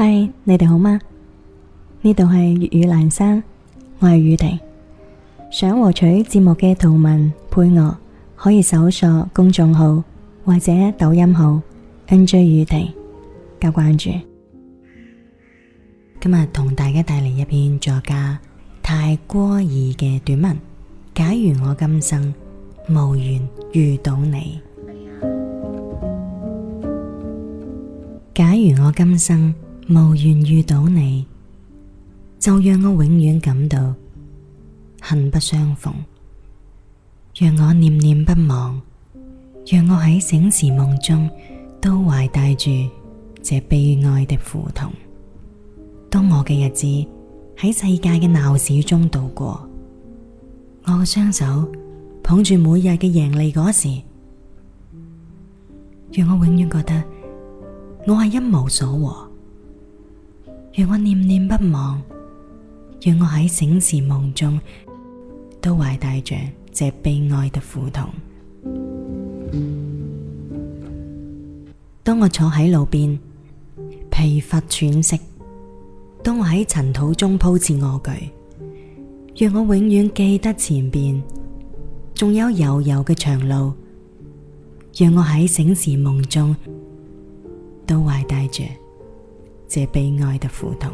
嗨，你哋好嗎？呢度係粵語欄生，我係宇婷。想獲取節目嘅圖文配樂，可以搜索公眾號或者抖音號 NJ 宇婷加關注。今日同大家帶嚟一篇作家泰戈爾嘅短文。假如我今生無緣遇到你，假如我今生。無緣遇到你，就讓我永遠感到恨不相逢。讓我念念不忘，讓我喺醒時夢中都懷帶住這悲哀的苦痛。當我嘅日子喺世界嘅鬧市中度過，我嘅雙手捧住每日嘅贏利嗰時，讓我永遠覺得我係一無所獲。讓我念念不忘，讓我喺醒時夢中都懷帶着這悲哀的苦痛。當我坐喺路邊，疲乏喘息；當我喺塵土中鋪設臥具，讓我永遠記得前邊仲有悠悠嘅長路。讓我喺醒時夢中都懷帶着。這悲哀的苦痛。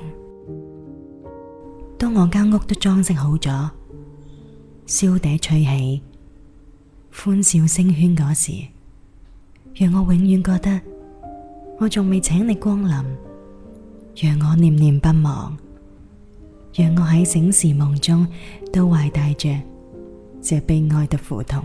當我間屋都裝飾好咗，簫笛吹起，歡笑聲喧嗰時，讓我永遠覺得我仲未請你光臨，讓我念念不忘，讓我喺醒時夢中都懷帶着這悲哀的苦痛。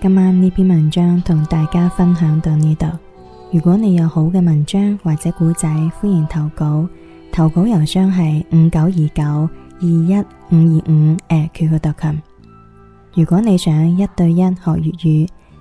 今晚呢篇文章同大家分享到呢度。如果你有好嘅文章或者古仔，歡迎投稿。投稿郵箱係五九二九二一五二五 @QQ.com。如果你想一對一學粵語。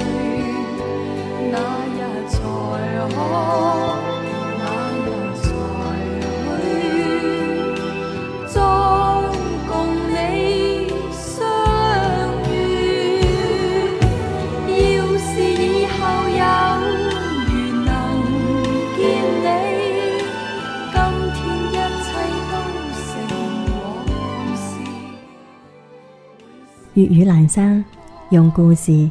那日才可，那日才會再共你相遇。要是以後有緣能見你，今天一切都成往事。粵語闌珊，用故事。